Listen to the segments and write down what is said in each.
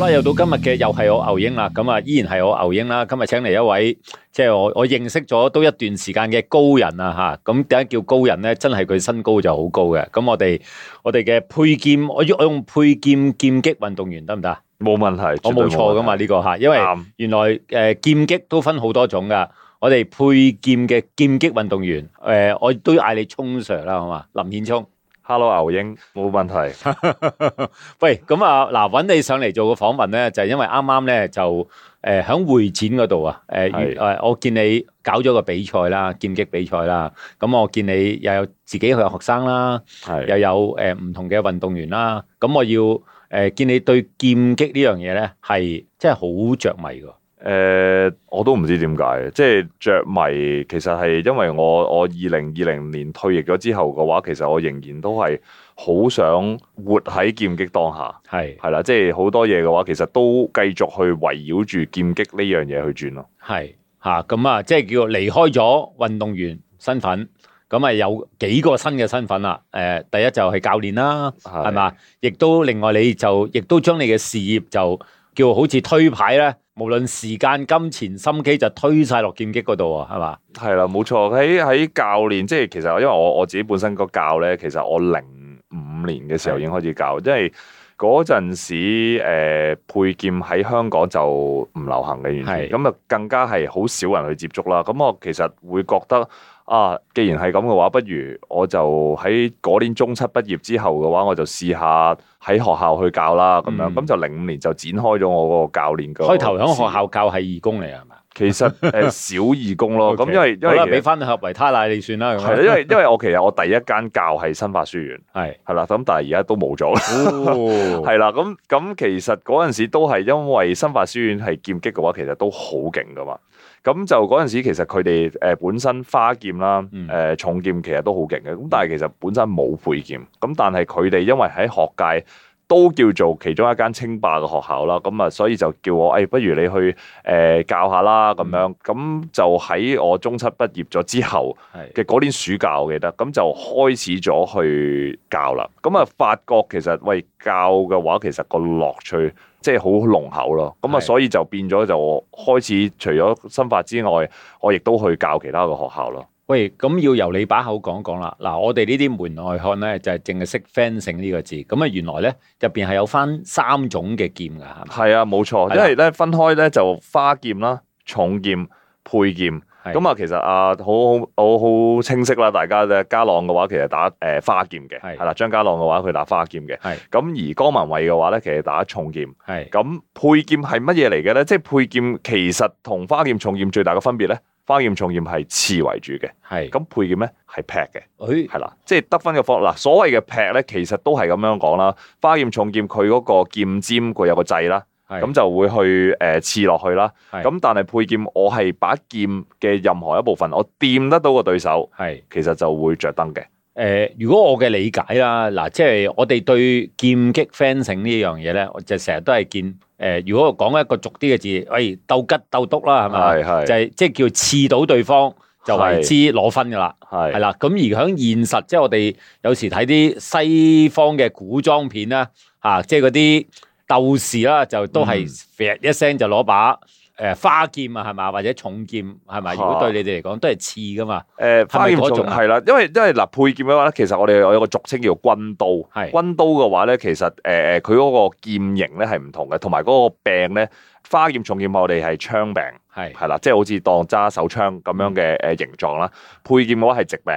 啦，又到今日嘅，又係我牛英啦。咁啊，依然係我牛英啦。今日請嚟一位，即係我我認識咗都一段時間嘅高人啊！吓，咁點解叫高人咧？真係佢身高就好高嘅。咁我哋我哋嘅佩劍，我用我用佩劍劍擊運動員得唔得？冇問題，我冇錯噶嘛呢個吓，因為原來誒劍擊都分好多種噶。我哋佩劍嘅劍擊運動員，誒，我都要嗌你聰 Sir 啦，好嘛，林衍聰。Hello，牛英，冇問題。 喂，咁啊，嗱，揾你上嚟做個訪問咧，就係、是、因為啱啱咧就誒響、呃、會展嗰度啊，誒、呃、誒是、呃，我見你搞咗個比賽啦，劍擊比賽啦，咁我見你又有自己嘅學生啦，是又有誒唔、呃、同嘅運動員啦，咁我要誒、呃、見你對劍擊呢樣嘢咧，係真係好着迷噶。誒、呃，我都唔知點解，即係着迷。其實係因為我我二零二零年退役咗之後嘅話，其實我仍然都係好想活喺劍擊當下，係係啦，即係好多嘢嘅話，其實都繼續去圍繞住劍擊呢樣嘢去轉咯，係吓咁啊，即係叫離開咗運動員身份，咁啊有幾個新嘅身份啦。誒、呃，第一就係教練啦，係嘛是，亦都另外你就亦都將你嘅事業就。叫好似推牌咧，無論時間、金錢、心機，就推晒落劍擊嗰度啊，係嘛？係啦，冇錯。喺喺教練，即係其實因為我我自己本身個教咧，其實我零五年嘅時候已經開始教，因為嗰陣時、呃、佩劍喺香港就唔流行嘅，完全咁啊，更加係好少人去接觸啦。咁我其實會覺得。啊，既然係咁嘅話，不如我就喺嗰年中七畢業之後嘅話，我就試下喺學校去教啦。咁樣咁就零五年就展開咗我嗰個教練嘅。開頭喺學校教係義工嚟啊嘛。 其實誒、呃，小義工咯。咁 Okay, 因為因為俾翻盒維他奶你算啦。係啦， 因為因為我其實我第一間教係新法書院。係係啦，咁但係而家都冇咗。係啦、哦， 咁咁其實嗰陣時都係因為新法書院係劍擊嘅話，其實都好勁噶嘛。 咁就嗰陣時，其實佢哋誒本身花劍啦、誒、呃、重劍其實都好勁嘅，咁但係其實本身冇佩劍，咁但係佢哋因為喺學界，都叫做其中一間清霸嘅學校啦，咁啊，所以就叫我，誒、哎，不如你去誒、呃、教下啦，咁樣，咁就喺我中七畢業咗之後嘅嗰年暑假，我記得，咁就開始咗去教啦，咁啊，發覺其實喂，教嘅話，其實個樂趣即係好濃厚咯，咁啊，所以就變咗就開始除咗新法之外，我亦都去教其他嘅學校咯。喂，咁要由你把口講講啦。嗱，我哋呢啲門外漢咧，就係淨係識 fencing 呢個字。咁啊，原來咧入邊係有返三種嘅劍嘅，係咪？係啊，冇錯，因為咧分開咧就花劍啦、重劍、佩劍。咁啊的，其實啊，好好好，好清晰啦，大家咧，家朗嘅話其實打誒、呃、花劍嘅，係啦，張家朗嘅話佢打花劍嘅，係的。咁而江旻憓嘅話咧，其實打重劍，係的。咁佩劍係乜嘢嚟嘅咧？即係佩劍其實同花劍、重劍最大嘅分別咧？花劍重劍係刺為主嘅，係咁是佩劍咧係劈嘅，係啦、哎，即係得分嘅方法嗱。所謂嘅劈咧，其實都係咁樣講啦。花劍重劍佢嗰個劍尖佢有個掣啦，咁是就會去誒刺落去啦。咁是但係佩劍，我係把劍嘅任何一部分，我掂得到個對手，係是其實就會着燈嘅。誒、呃，如果我嘅理解啦，嗱，即係我哋對劍擊 fencing 呢樣嘢咧，我就成日都係見。誒、呃，如果講一個俗啲嘅字，喂，鬥吉鬥篤啦，係咪是是、就是？就係即係叫刺到對方就為之攞分嘅啦，係啦是是。咁而喺現實，即係我哋有時睇啲西方嘅古裝片啦，嚇、啊，即係嗰啲鬥士啦、啊啊，就都係劈一聲就攞把。嗯嗯。誒花劍啊，係咪？或者重劍係咪？如果對你哋嚟講，都係刺噶嘛。誒、啊、花劍重劍係啦，因為因為嗱、呃、配劍嘅話咧，其實我哋我有一個俗稱叫軍刀。係是的 軍刀嘅話咧，其實誒誒佢嗰個劍型咧係唔同嘅，同埋嗰個柄咧，花劍重劍我哋係槍柄，係係啦，即係好似當揸手槍咁樣嘅誒形狀啦。配劍嘅話係直柄。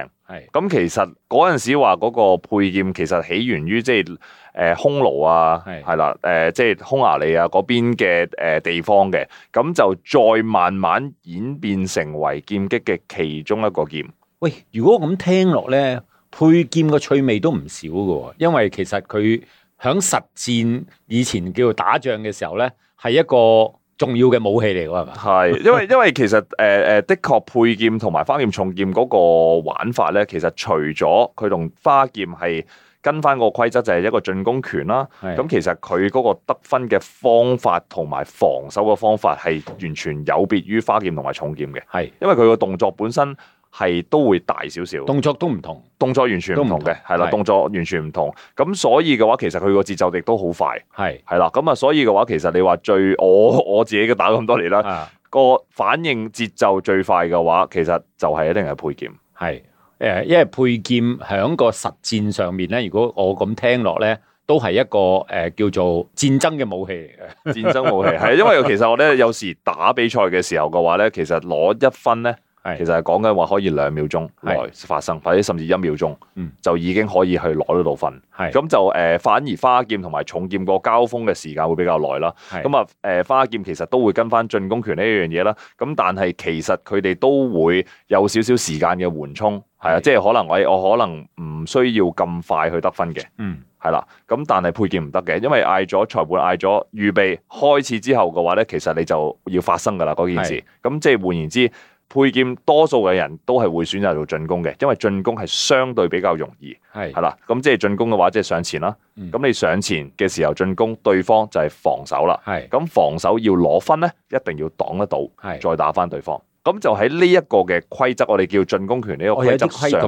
咁其實嗰陣時話嗰個佩劍其實起源於即係誒匈奴啊，係啦，誒即係匈牙利啊嗰邊嘅誒、呃、地方嘅，咁就再慢慢演變成為劍擊嘅其中一個劍。喂，如果咁聽落咧，佩劍嘅趣味都唔少嘅，因為其實佢喺實戰以前叫做打仗嘅時候咧，係一個重要嘅武器嚟嘅係嘛？係，因為因為其實誒誒、呃、的確佩劍同埋花劍重劍嗰個玩法咧，其實除咗佢同花劍係跟翻個規則，就係一個進攻權啦。咁的其實佢嗰個得分嘅方法同埋防守嘅方法係完全有別於花劍同埋重劍嘅。係的，因為佢個動作本身。係都會大少少，動作都唔同，動作完全唔同嘅，係啦，動作完全唔同。咁所以嘅話，其實佢個節奏亦都好快，係係啦。咁啊，所以嘅話，其實你話最我我自己嘅打咁多年啦，個反應節奏最快嘅話，其實就係一定係佩劍。係誒，因為佩劍喺個實戰上面咧，如果我咁聽落咧，都係一個誒叫做戰爭嘅武器嚟嘅，戰爭武器。係因為其實我咧有時打比賽嘅時候嘅話咧，其實攞一分咧。其實係講緊話可以兩秒鐘內發生，是或者甚至一秒鐘、嗯、就已經可以去攞得到分。咁是就誒、呃，反而花劍同埋重劍個交鋒嘅時間會比較耐啦。咁啊是，誒、嗯、花劍其實都會跟翻進攻權呢一樣嘢啦。咁但係其實佢哋都會有少少時間嘅緩衝，係啊，是即係可能我我可能唔需要咁快去得分嘅。係啦的，咁、嗯、但係佩劍唔得嘅，因為嗌咗裁判嗌咗預備開始之後嘅話咧，其實你就要發生噶啦嗰件事。咁即係換言之。佩劍多數嘅人都係會選擇做進攻嘅，因為進攻係相對比較容易。係是，係啦，咁即係進攻嘅話，即係上前啦。咁、嗯、你上前嘅時候進攻，對方就係防守啦。係是，咁防守要攞分咧，一定要擋得到，係是，再打返對方。咁就喺呢一個嘅規則，我哋叫進攻權呢個規則上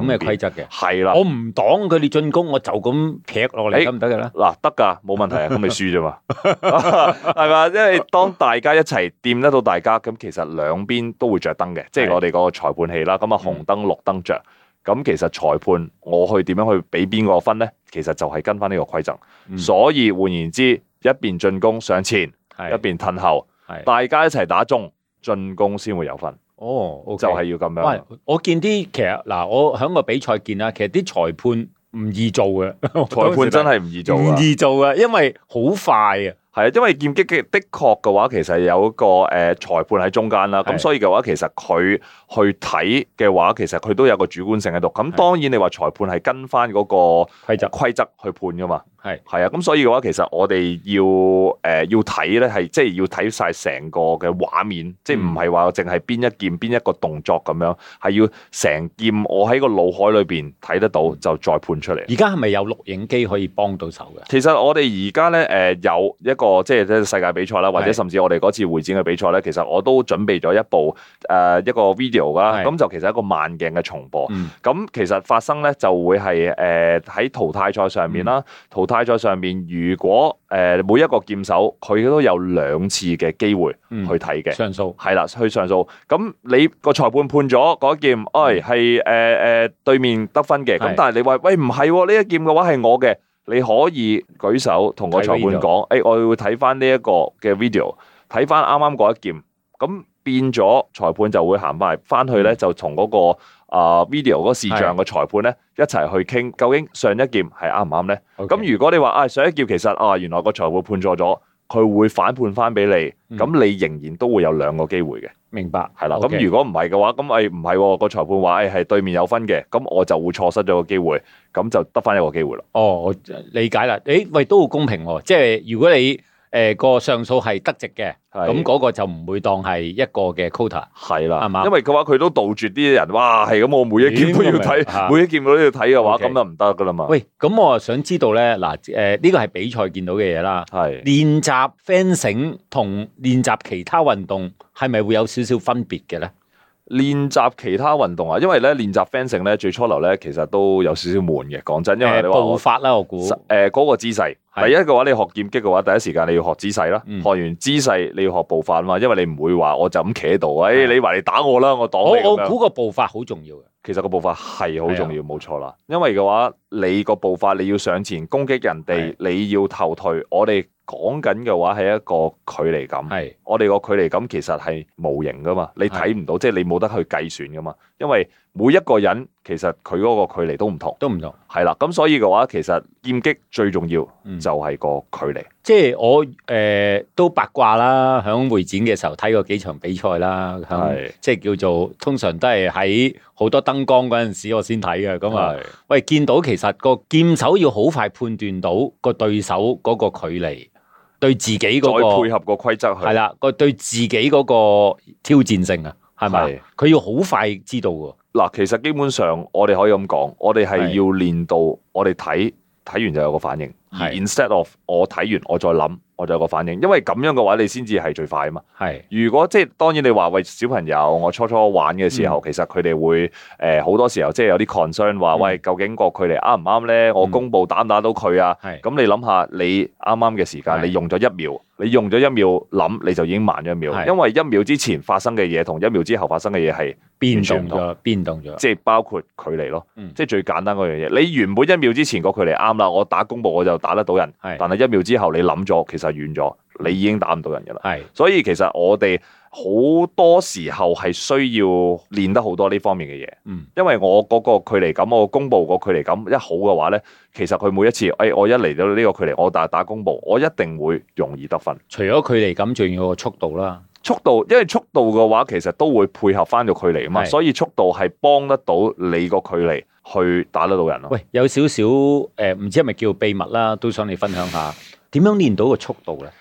嘅。係啦，我唔擋佢哋進攻，我就咁劈落嚟，得唔得嘅咧？嗱，得噶，冇問題啊，咁咪輸啫嘛，係嘛？因為當大家一齊掂得到大家，咁其實兩邊都會着燈嘅，即係我哋個裁判器啦。咁啊紅燈、綠燈着，咁其實裁判我去點樣去俾邊個分咧？其實就係跟翻呢個規則，所以換言之，一邊進攻上前，一邊褪後，大家一齊打中，進攻先會有分。哦，oh, okay. 就係要咁樣。我見啲其實嗱，我喺個比賽見啦，其實啲裁判唔易做嘅，裁判真係唔易做，唔 易做嘅，因為好快啊。係啊，因為劍擊嘅的確嘅話，其實有一個誒、呃、裁判喺中間啦，咁的，所以嘅話，其實佢去睇嘅話，其實佢都有個主觀性喺度。咁當然你話裁判係跟翻嗰個規則規則去判噶嘛。係係啊，咁所以嘅話，其實我哋要誒、呃、要睇咧，係即係要睇晒成個嘅畫面，嗯、即係唔係話淨係邊一件邊一個動作咁樣，係要成件我喺個腦海裏邊睇得到，就再判出嚟。而家係咪有錄影機可以幫到手嘅？其實我哋而家咧誒有一個即係世界比賽啦，或者甚至我哋嗰次會展嘅比賽咧，的其實我都準備咗一部誒、呃、一個 video 啦，咁的就其實一個慢鏡嘅重播。咁、嗯、其實發生咧就會係誒喺淘汰賽上面啦，淘汰、嗯。擺咗上面，如果誒每一個劍手佢都有兩次嘅機會去睇嘅上訴係啦去上訴，咁你個裁判判咗嗰一劍，哎係誒誒對面得分嘅，咁但係你話喂唔係喎呢一劍嘅話係我嘅，你可以舉手同個裁判講，誒我會睇翻呢一個嘅 video，睇翻啱啱嗰一劍咁。變咗裁判就會行翻翻去咧，就同嗰、那個啊、呃、video 嗰個視像嘅裁判咧一齊去傾，究竟上一劍係啱唔啱咧？咁 Okay. 如果你話啊上一劍其實啊原來個裁判判錯咗，佢會反判翻俾你，咁、嗯、你仍然都會有兩個機會嘅。明白係啦。咁如果唔係嘅話，咁誒，唔係個裁判話誒係對面有分嘅，咁我就會錯失咗個機會，咁就得翻一個機會啦。哦，我理解啦。誒、欸、喂，喂，都好公平，即係如果你。誒，個、呃、上訴係得值嘅，咁嗰的個就唔會當係一個嘅 quota，係啦的，係嘛吧？因為佢話，佢都杜絕啲人，哇，係咁，我每一件都要睇，嗯、每一件都要睇嘅、啊、話，咁 Okay. 就唔得噶啦嘛。喂，咁我啊想知道咧，嗱、呃，誒，呢個係比賽見到嘅嘢啦，係練習 fencing 同練習其他運動係咪會有少少分別嘅咧？練習其他運動啊，因為咧，練習 fencing 咧，最初流咧，其實都有少少悶嘅。講真，因為咧，我步法啦，我估誒嗰個姿勢。第一嘅話，你學劍擊嘅話，第一時間你要學姿勢啦。學完姿勢，你要學步法啊嘛。因為你唔會話我就咁企喺度，誒你話你打我啦，我擋你我我估個步法好重要嘅。其實個步法係好重要，冇錯啦。因為嘅話，你個步法你要上前攻擊人哋，你要後退，我哋。講緊嘅話係一個距離感，係是我哋個距離感其實係無形噶嘛，你睇唔到，是即係你冇得去計算噶嘛。因為每一個人其實佢嗰個距離都唔同，都唔同，係啦。咁所以嘅話，其實劍擊最重要就係個距離，嗯。即係我誒、呃、都八卦啦，響會展嘅時候睇過幾場比賽啦，係是即係叫做通常都係喺好多燈光嗰陣時我先睇嘅，咁啊，是喂，見到其實個劍手要好快判斷到個對手嗰個距離。對自己嗰個配合個規則係啦，個對自己嗰個挑戰性啊，係咪？佢的要好快知道噶。嗱，其實基本上我哋可以咁講，我哋係要練到我哋睇睇完就有個反應的，instead of 我睇完我再諗。我就有個反應，因為咁樣嘅話，你先至係最快啊嘛。係是。如果即係當然你話喂小朋友，我初初玩嘅時候，嗯、其實佢哋會誒好、呃、多時候即係有啲 concern，話、嗯、喂究竟個距離啱唔啱咧？我弓步打唔打到佢啊？係是。咁你諗下，你啱啱嘅時間，是你用咗一秒，你用咗一秒諗，你就已經慢咗一秒，是因為一秒之前發生嘅嘢，同一秒之後發生嘅嘢係變動咗，變動咗，即係包括距離咯。嗯、即係最簡單嗰樣嘢，你原本一秒之前個距離啱啦，我打弓步我就打得到人。是但係一秒之後你諗咗，其實。遠咗，你已經打唔到人嘅啦。係是，所以其實我哋好多時候係需要練得好多呢方面嘅嘢。嗯，因為我嗰個距離感，我公步個距離感一好嘅話咧，其實佢每一次，誒、哎，我一嚟到呢個距離，我打打公步，我一定會容易得分。除咗距離感，仲要有個速度啦。速度，因為速度嘅話，其實都會配合翻個距離啊嘛，是所以速度係幫得到你個距離去打得到人咯。喂，有少少誒，唔、呃、知係咪叫秘密啦，都想你分享下。點樣練到個速度咧？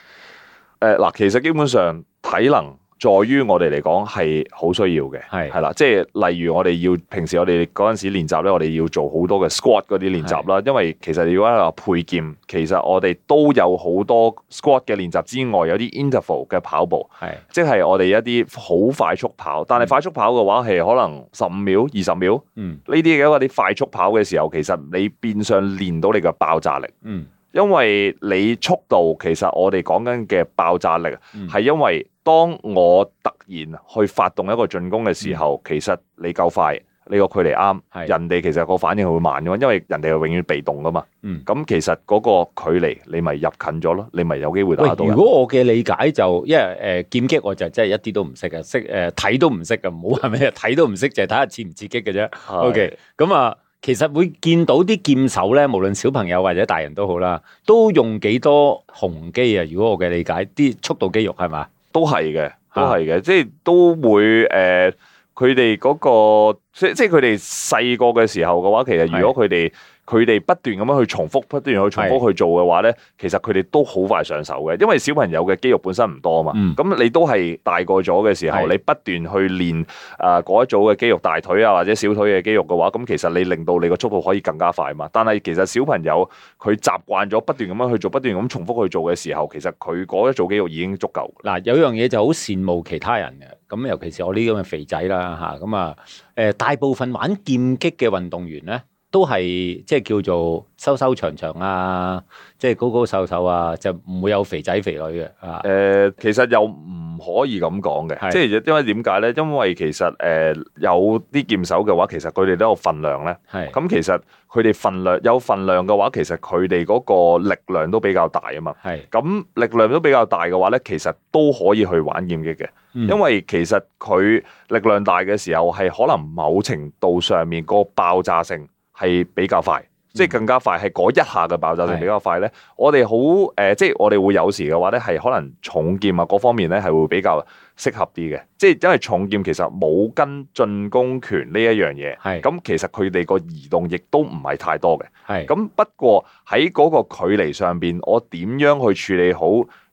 誒，嗱，其實基本上體能在於我哋嚟講係好需要嘅，係係是啦，即係例如我哋要平時我哋嗰陣時練習咧，我哋要做好多嘅 squat 嗰啲練習啦。是因為其實如果係話佩劍，其實我哋都有好多 squat 嘅練習之外，有啲 interval 嘅跑步，係是即係我哋一啲好快速跑。但係快速跑嘅話，係可能十五秒、二十秒呢啲嘅話，啲、嗯、快速跑嘅時候，其實你變相練到你嘅爆炸力。嗯。因為你速度，其實我哋講緊嘅爆炸力，係因為當我突然去發動一個進攻嘅時候，嗯、其實你夠快，你個距離啱，是人哋其實個反應係會慢嘅，因為人哋係永遠被動噶嘛。咁、嗯、其實嗰個距離，你咪入近咗咯，你咪有機會打到。如果我嘅理解就，因為誒劍、呃、擊我就真係一啲都唔識啊，識誒睇都唔識啊，唔好係咪睇都唔識就睇、是、下刺唔刺擊嘅啫。是 OK，咁啊。呃其實會見到啲劍手咧，無論小朋友或者大人都好啦，都用幾多紅肌啊？如果我嘅理解，啲速度肌肉係咪，都係嘅，嗯、都係嘅、呃那個，即係都會誒，佢哋嗰個即即係佢哋細個嘅時候嘅話，其實如果佢哋，佢哋不斷咁樣去重複，不斷去重複去做嘅話咧，其實佢哋都好快上手嘅，因為小朋友嘅肌肉本身唔多啊嘛。咁、嗯、你都係大個咗嘅時候，是的 你不斷去練啊嗰一組嘅肌肉，大腿啊或者小腿嘅肌肉嘅話，咁其實你令到你個速度可以更加快嘛。但係其實小朋友佢習慣咗不斷咁樣去做，不斷咁重複去做嘅時候，其實佢嗰一組肌肉已經足夠。嗱，有樣嘢就好羨慕其他人嘅，咁尤其是我呢啲咁嘅肥仔啦吓，咁啊，誒、啊、大部分玩劍擊嘅運動員咧。都係即係叫做修修長長啊，即係高高瘦瘦啊，就唔會有肥仔肥女嘅啊。誒，其實又唔可以咁講嘅，是即係因為點解咧？因為其實誒有啲劍手嘅話，其實佢哋都有份量咧。係是。咁其實佢哋份量有份量嘅話，其實佢哋嗰個力量都比較大啊嘛。係是。咁力量都比較大嘅話咧，其實都可以去玩劍擊嘅，嗯、因為其實佢力量大嘅時候係可能某程度上面個爆炸性。係比較快，即係更加快，係嗰一下嘅爆炸性比較快咧。是的 我哋好誒，即係我哋會有時嘅話咧，係可能重劍啊，各方面咧係會比較適合啲嘅。即係因為重劍其實冇跟進攻權呢一樣嘢，係咁是的 其實佢哋個移動亦都唔係太多嘅，係咁是的 不過喺嗰個距離上邊，我點樣去處理好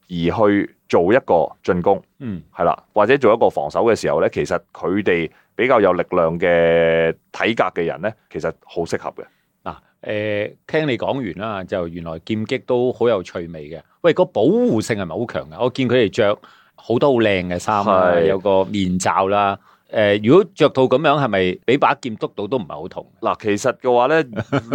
而去做一個進攻，的嗯，係啦，或者做一個防守嘅時候咧，其實佢哋。比較有力量嘅體格嘅人咧，其實好適合嘅。嗱、啊，誒、呃，聽你講完啦，就原來劍擊都好有趣味嘅。喂，個保護性係咪好強噶？我見佢哋着好多好靚嘅衫，是有個面罩啦。誒、呃，如果着到咁樣，係咪俾把劍篤到都唔係好痛？嗱，其實嘅話咧，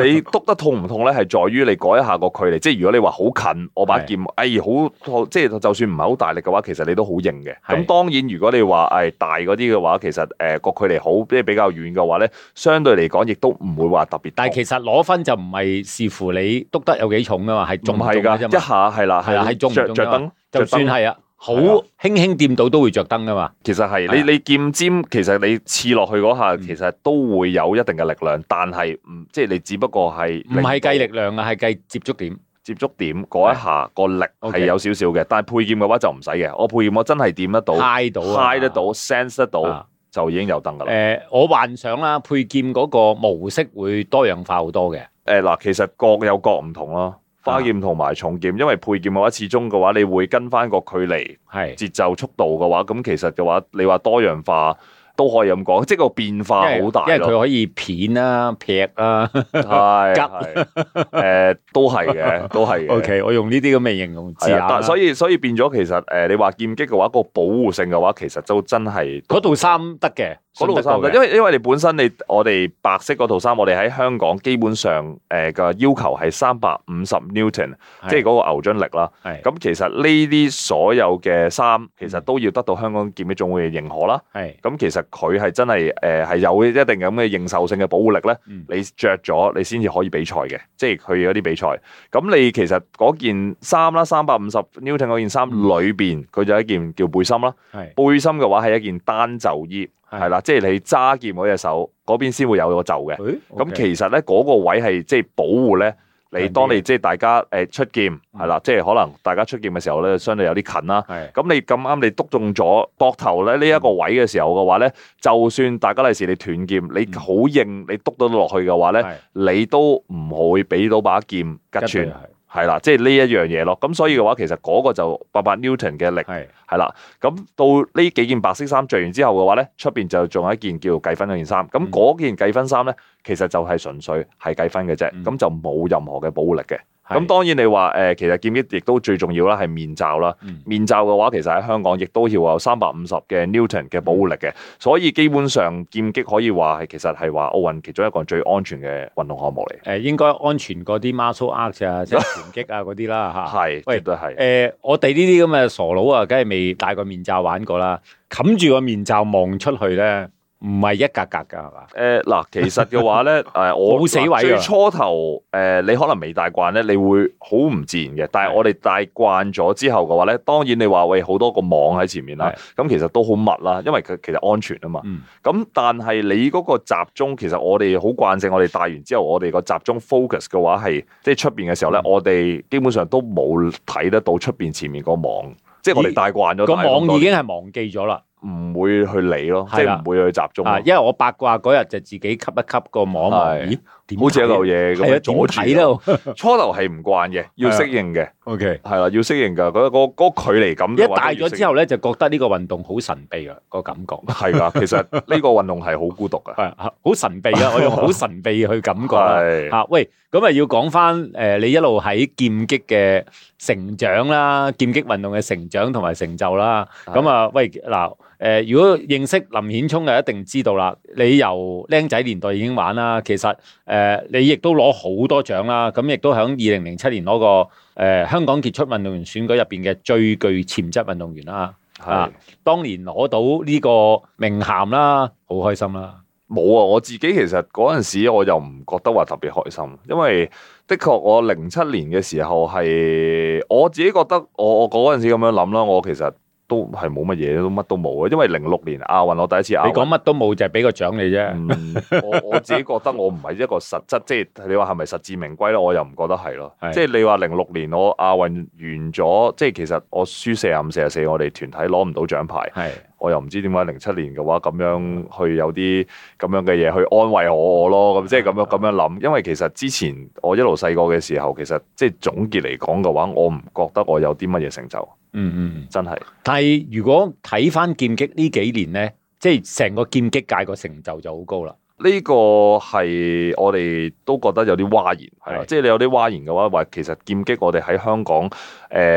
你篤得痛唔痛咧，係在於你改一下個距離。即係如果你話好近，我把劍，是的 哎，好，好即係就算唔係好大力嘅話，其實你都好硬嘅。咁是的 當然，如果你話誒、哎、大嗰啲嘅話，其實誒個、呃、距離好即係比較遠嘅話咧，相對嚟講亦都唔會話特別。但其實攞分就唔係視乎你篤得有幾重噶嘛，係中唔中㗎一下，係啦，係啦，係中着燈，就算係啊。好輕輕掂到都會着燈㗎嘛？其實係你你劍尖，其實你刺落去嗰下，嗯、其實都會有一定嘅力量，但係唔即係你只不過係唔係計力量啊？係計接觸點。接觸點嗰一下個力係有少少嘅，但係佩劍嘅話就唔使嘅。我佩劍我真係掂得到，揩、啊、到，揩得到，sense 得到、啊、就已經有燈㗎啦。誒、呃，我幻想啦，佩劍嗰個模式會多樣化好多嘅。誒嗱、啊，其實各有各唔同咯。花、啊、劍同埋重劍，因為佩劍嘅話，始終嘅話，你會跟翻個距離、節奏、速度嘅話，咁是其實嘅話，你話多元化都可以咁講，即個變化好大，因為佢可以片啊、劈啊、吉誒 呃，都係嘅，都係嘅。 o、okay, K，我用呢啲咁嘅形容字啊。所以所以變咗，其實誒、呃，你話劍擊嘅話，個保護性嘅話，其實都真係嗰套衫得嘅。嗰套衫，因為因為你本身你我哋白色嗰套衫，我哋喺香港基本上誒嘅要求係三百五十 Newton，即係嗰個牛津力啦。係咁，其實呢啲所有嘅衫，其實都要得到香港劍擊總會嘅認可啦。係咁，其實佢係真係誒係有一定咁嘅認受性嘅保護力咧。你著咗你先至可以比賽嘅，即係去嗰啲比賽。咁你其實嗰件衫啦，三百五十 Newton 嗰件衫裏邊，佢就一件叫背心啦。係背心嘅話係一件單袖衣。係啦，即係你揸劍嗰隻手嗰邊先會有個袖嘅。咁、哎 okay。其實咧嗰個位係即係保護咧，你當你即係大家誒出劍係啦，即係可能大家出劍嘅時候咧，相對有啲近啦。咁、嗯、你咁啱你篤中咗膊頭咧呢一個位嘅時候嘅話咧，嗯、就算大家第時你斷劍，你好硬你篤到落去嘅話咧，嗯、你都唔會俾到把劍吉穿。係啦，即係呢一樣嘢咯。咁所以嘅話，其實嗰個就八百 Newton 嘅力係啦。咁是到呢幾件白色衫着完之後嘅話咧，出邊就仲有一件叫計分嗰件衫。咁嗰件計分衫咧，其實就係純粹係計分嘅啫，咁、嗯、就冇任何嘅保護力嘅。咁當然你話誒、呃，其實劍擊亦都最重要啦，係面罩啦。嗯、面罩嘅話，其實喺香港亦都要有三百五十嘅 Newton 嘅保護力嘅，嗯、所以基本上劍擊可以話係其實係話奧運其中一個最安全嘅運動項目嚟。誒、呃，應該安全過啲 martial arts 啊，即係拳擊啊嗰啲 啦嚇。係是，絕對係。誒、呃，我哋呢啲咁嘅傻佬啊，梗係未戴過面罩玩過啦，冚住個面罩望出去咧。唔係一格格噶係嘛？誒嗱、呃，其實嘅話咧，誒 我死位最初頭誒、呃，你可能未戴慣咧，你會好唔自然嘅。但係我哋戴慣咗之後嘅話咧，當然你話喂，好多個網喺前面啦，咁、嗯、其實都好密啦，因為佢其實安全啊嘛。咁、嗯、但係你嗰個集中，其實我哋好慣性，我哋戴完之後，我哋個集中 focus 嘅話係，即係出邊嘅時候咧，嗯、我哋基本上都冇睇得到出邊前面個網，嗯、即係我哋戴慣咗，個網已經係忘記咗啦。嗯嗯唔會去理咯，即係唔會去集中。啊，因為我八卦嗰日就自己吸一吸個網網，咦？好似一嚿嘢咁，阻住咯。初頭係唔慣嘅，要適應嘅。OK，係啦，要適應噶。嗰個嗰個距離感。一大咗之後咧，就覺得呢個運動好神秘啊，個感覺。係噶，其實呢個運動係好孤獨噶，係啊，好神秘啊，我用好神秘去感覺啊。吓，喂！咁啊，要講翻誒，你一路喺劍擊嘅成長啦，劍擊運動嘅成長同埋成就啦。咁啊的，喂嗱，誒、呃，如果認識林衍聰就一定知道啦。你由僆仔年代已經玩啦，其實誒、呃，你亦都攞好多獎啦。咁亦都喺二零零七年攞過誒香港傑出運動員選舉入邊嘅最具潛質運動員啦。係的、啊、當年攞到呢個名銜啦，好開心啦。冇啊！我自己其實嗰陣時我又唔覺得話特別開心，因為的確我零七年嘅時候係我自己覺得我我嗰時咁樣諗啦，我其實。都係冇乜嘢，都乜都冇啊！因為零六年亞運我第一次亞運。你講乜都冇就係、是、俾個獎你啫。我我自己覺得我唔係一個實質， 即係你話係咪實至名歸咧？我又唔覺得係咯是。即係你話零六年我亞運完咗，即係其實我輸四啊五四啊四，我哋團體攞唔到獎牌。是我又唔知點解零七年嘅話咁樣去有啲咁樣嘅嘢去安慰我我咯。咁即係咁樣咁樣諗，因為其實之前我一路細個嘅時候，其實即係總結嚟講嘅話，我唔覺得我有啲乜嘢成就。嗯嗯，真係。但係如果睇翻劍擊呢幾年呢，即係成個劍擊界個成就就好高啦。呢個係我哋都覺得有啲嘩然，係的的即係你有啲嘩然嘅話，話其實劍擊我哋喺香港誒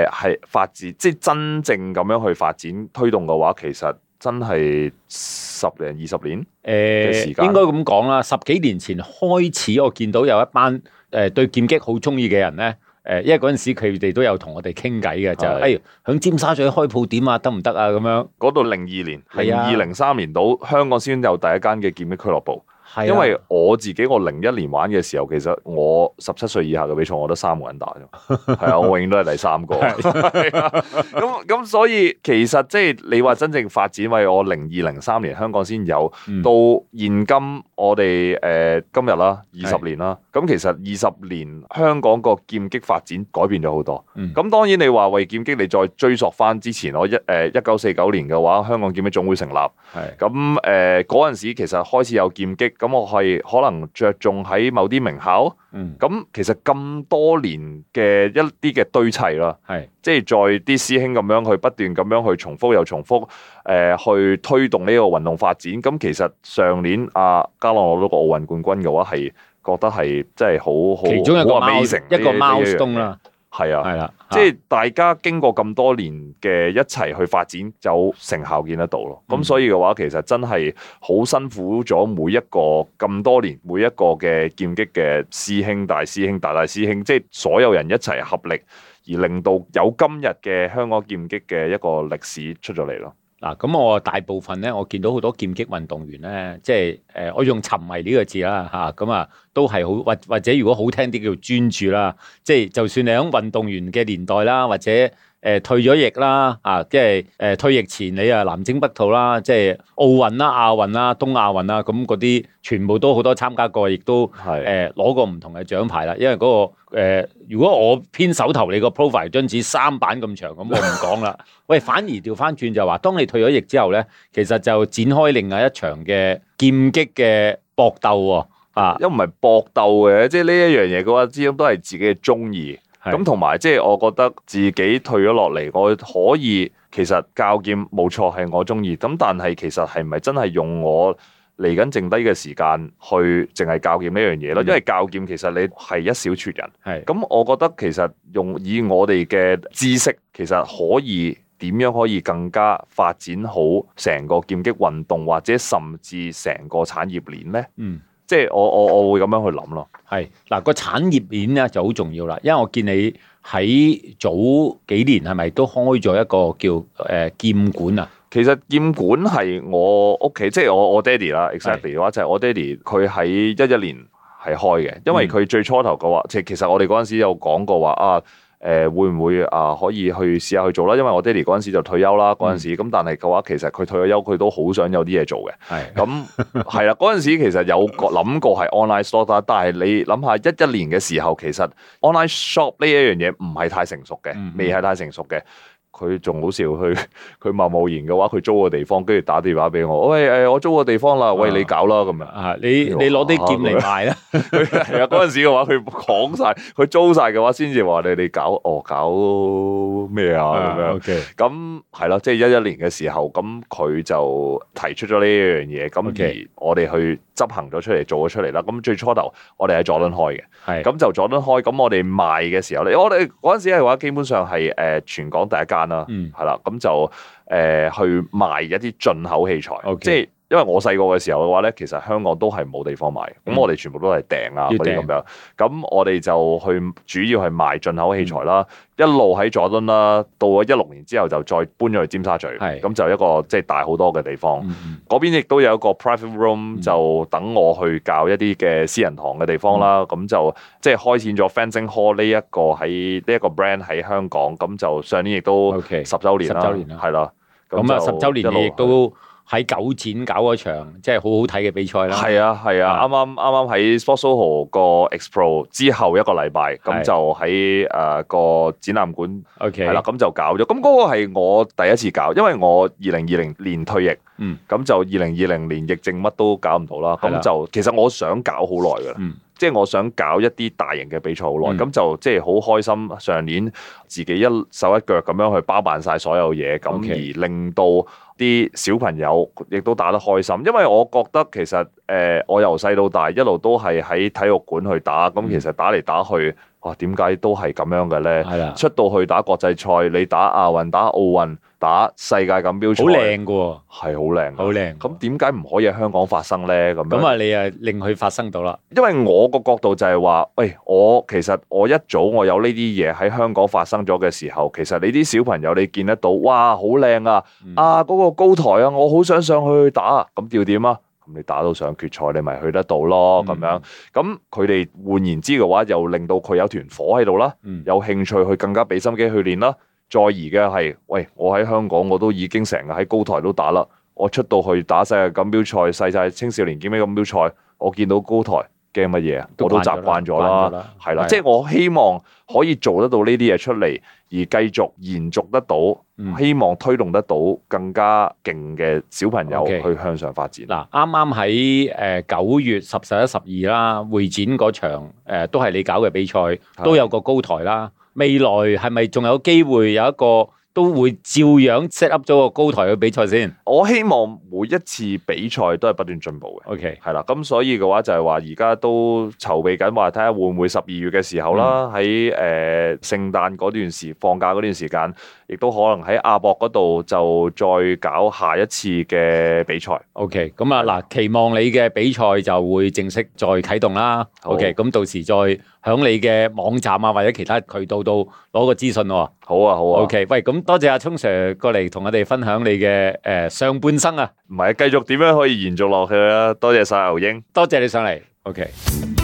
係、呃、發展，即係真正咁樣去發展推動嘅話，其實真係十零二十年誒、呃、時間應該咁講啦。十幾年前開始，我見到有一班誒、呃、對劍擊好中意嘅人呢。誒，因為嗰陣時佢哋都有同我哋傾偈嘅就係、是，哎，喺尖沙咀開鋪點啊，得唔得啊？咁樣，嗰度零二年，零二零三年度，的香港先有第一間嘅劍擊俱樂部。因為我自己我零一年玩嘅時候，其實我十七歲以下嘅比賽，我得三個人打啫。係 啊，我永遠都係第三個。咁咁 是的， 所以其實即係、就是、你話真正發展為我零二零三年香港先有，到現今我哋誒、呃、今日啦，二十年啦。咁的其實二十年香港個劍擊發展改變咗好多。咁、嗯、當然你話為劍擊，你再追溯翻之前，我一誒一九四九年嘅話，香港劍擊總會成立。係咁誒，嗰陣時其實開始有劍擊。咁我係可能着重喺某啲名校，咁、嗯、其實咁多年嘅一啲嘅堆砌啦，係是即係在啲師兄咁樣去不斷咁樣去重複又重複，誒、呃、去推動呢個運動發展。咁、嗯、其實上年阿家朗攞到個奧運冠軍嘅話，係覺得係真係好好，其中一個里程碑，一個 milestone 啦。係啊，係啦，的即係大家經過咁多年嘅一齊去發展，就成效見得到咯。咁、嗯、所以嘅話，其實真係好辛苦咗每一個咁多年，每一個嘅劍擊嘅師兄、大師兄、大大師兄，即係所有人一齊合力，而令到有今日嘅香港劍擊嘅一個歷史出咗嚟咯。嗱、嗯，咁我大部分咧，我見到好多劍擊運動員咧，即係誒、呃，我用沉迷呢個字啦吓，咁啊。嗯啊都係好，或或者如果好聽啲叫做專注啦，即係就算你喺運動員嘅年代啦，或者誒、呃、退咗役啦，啊，即係誒、呃、退役前你啊南征北討啦，即係奧運啦、亞運啦、東亞運啦，咁嗰啲全部都好多參加過，亦都誒攞的、呃、過唔同嘅獎牌啦。因為嗰、那個、呃、如果我偏手頭你個 profile 張紙三版咁長，咁我唔講啦。 喂，反而調翻轉就話、是，當你退咗役之後咧，其實就展開另外一場嘅劍擊嘅搏鬥喎、喔。啊！因為唔係搏鬥嘅，即係呢一樣嘢嘅話，始終都係自己嘅中意。咁同埋，即係我覺得自己退咗落嚟，我可以其實教劍冇錯係我中意。咁但係其實係唔係真係用我嚟緊剩低嘅時間去淨係教劍呢樣嘢咧？嗯、因為教劍其實你係一小撮人。係咁的，我覺得其實用以我哋嘅知識，其實可以點樣可以更加發展好成個劍擊運動，或者甚至成個產業鏈咧？嗯。即係我我我會咁樣去諗咯，係嗱、個產業鏈咧就好重要啦，因為我見你喺早幾年係咪都開咗一個叫誒、呃、劍館啊？其實劍館係我屋企，即係我我爹哋啦，exactly 嘅話是就係我爹哋佢喺一一年係開嘅，因為佢最初頭嘅話，其、嗯、其實我哋嗰陣時有講過話啊。誒、呃、會唔會啊、呃？可以去試下去做啦，因為我爹哋嗰陣時就退休啦，嗰陣、嗯、時咁，但係嘅話其實佢退咗休，佢都好想有啲嘢做嘅。係咁係啦，嗰陣 時其實有個諗過係 online store，但係你諗下一一年嘅時候，其實 online shop 呢一樣嘢唔係太成熟嘅，嗯嗯未係太成熟嘅。佢仲好笑，佢佢貿貿然嘅話，佢租個地方，跟住打電話俾我，喂，誒，我租個地方啦，啊、喂，你搞啦咁樣，啊說，你你攞啲劍嚟賣啦，係啊，嗰陣時嘅話，佢講晒，佢租晒嘅話，先至話你哋搞，哦，搞咩啊咁樣，咁係咯，即係一一年嘅時候，咁佢就提出咗呢樣嘢，咁 okay, 而我哋去執行咗出嚟，做咗出嚟啦。咁最初頭我哋喺佐敦開嘅，係是，咁就佐敦開，咁我哋賣嘅時候咧，我哋嗰陣時嘅話，基本上係誒全港第一間。啦，嗯，係啦、嗯，咁就誒、呃、去賣一啲進口器材，Okay. 即係。因為我細個嘅時候嘅話咧，其實香港都係冇地方買，咁我哋全部都係訂啊嗰啲咁樣。咁我哋就去主要係賣進口器材啦，一路喺佐敦啦，到咗一六年之後就再搬咗去尖沙咀，係咁就一個即係大好多嘅地方。嗰邊亦都有一個 private room，就等我去教一啲嘅私人堂嘅地方啦。咁就即係開設咗 Fencing Hall 呢一個喺呢一個 brand 喺香港。咁就上年亦都十週年啦，係啦。咁啊十週年亦都。喺九展搞一場，即係好好睇嘅比賽啦。係啊，係啊，啱啱啱啱喺 Sportsoho 個 Expo 之後一個禮拜，咁、啊、就喺誒、呃那個展覽館，OK 係啦，咁就搞咗。咁嗰個係我第一次搞，因為我二零二零年退役，咁、嗯、就二零二零年疫症乜都搞唔到啦。咁、嗯、就其實我想搞好耐㗎啦。嗯即係我想搞一啲大型嘅比賽好耐，咁、嗯、就即係好開心。上年自己一手一腳咁樣去包辦晒所有嘢，咁 Okay. 而令到啲小朋友亦都打得開心。因為我覺得其實誒、呃，我由細到大一路都係喺體育館去打，咁、嗯、其實打嚟打去，哇點解都係咁樣嘅咧？係啊。出到去打國際賽，你打亞運、打奧運。打世界錦標賽，好靚噶，係好靚，好靚。咁點解唔可以喺香港發生咧？咁咁啊，你啊令佢發生到啦。因為我個角度就係話，喂，我其實我一早我有呢啲嘢喺香港發生咗嘅時候，其實你啲小朋友你見得到，哇，好靚啊！嗯、啊，嗰、嗰個高台啊，我好想上去打，咁要點啊？咁你打到上決賽，你咪去得到咯，咁樣。咁佢哋換言之嘅話，又令到佢有團火喺度啦，嗯、有興趣去更加俾心機去練啦。再而家係，喂！我喺香港，我都已經成日喺高台都打啦。我出到去打世界錦標賽，世界青少年級嘅錦標賽，我見到高台，驚乜嘢啊？我都習慣咗啦，係啦，的即係我希望可以做得到呢啲嘢出嚟，而繼續延續得到，希望推動得到更加勁嘅小朋友去向上發展。嗱、嗯，啱啱喺誒九月十、十一、十二啦，會展嗰場、呃、都係你搞嘅比賽，都有個高台啦。未來係咪仲有機會有一個都會照樣 set up 咗個高台嘅比賽先？我希望每一次比賽都係不斷進步嘅。OK，係啦，咁所以嘅話就係話而家都籌備緊，話睇下會唔會十二月嘅時候啦，喺誒聖誕嗰段時放假嗰段時間。亦都可能喺阿博嗰度就再搞下一次嘅比賽。O K，咁啊嗱，期望你嘅比賽就會正式再啟動啦。O K，咁到時再響你嘅網站啊，或者其他渠道度攞個資訊喎、啊。好啊，好啊。O、okay, K，喂，咁多謝阿、啊、聰 Sir 過嚟同我哋分享你嘅誒、呃、上半生啊。唔係，繼續點樣可以延續落去啊？多謝晒，牛英，多謝你上嚟。O K。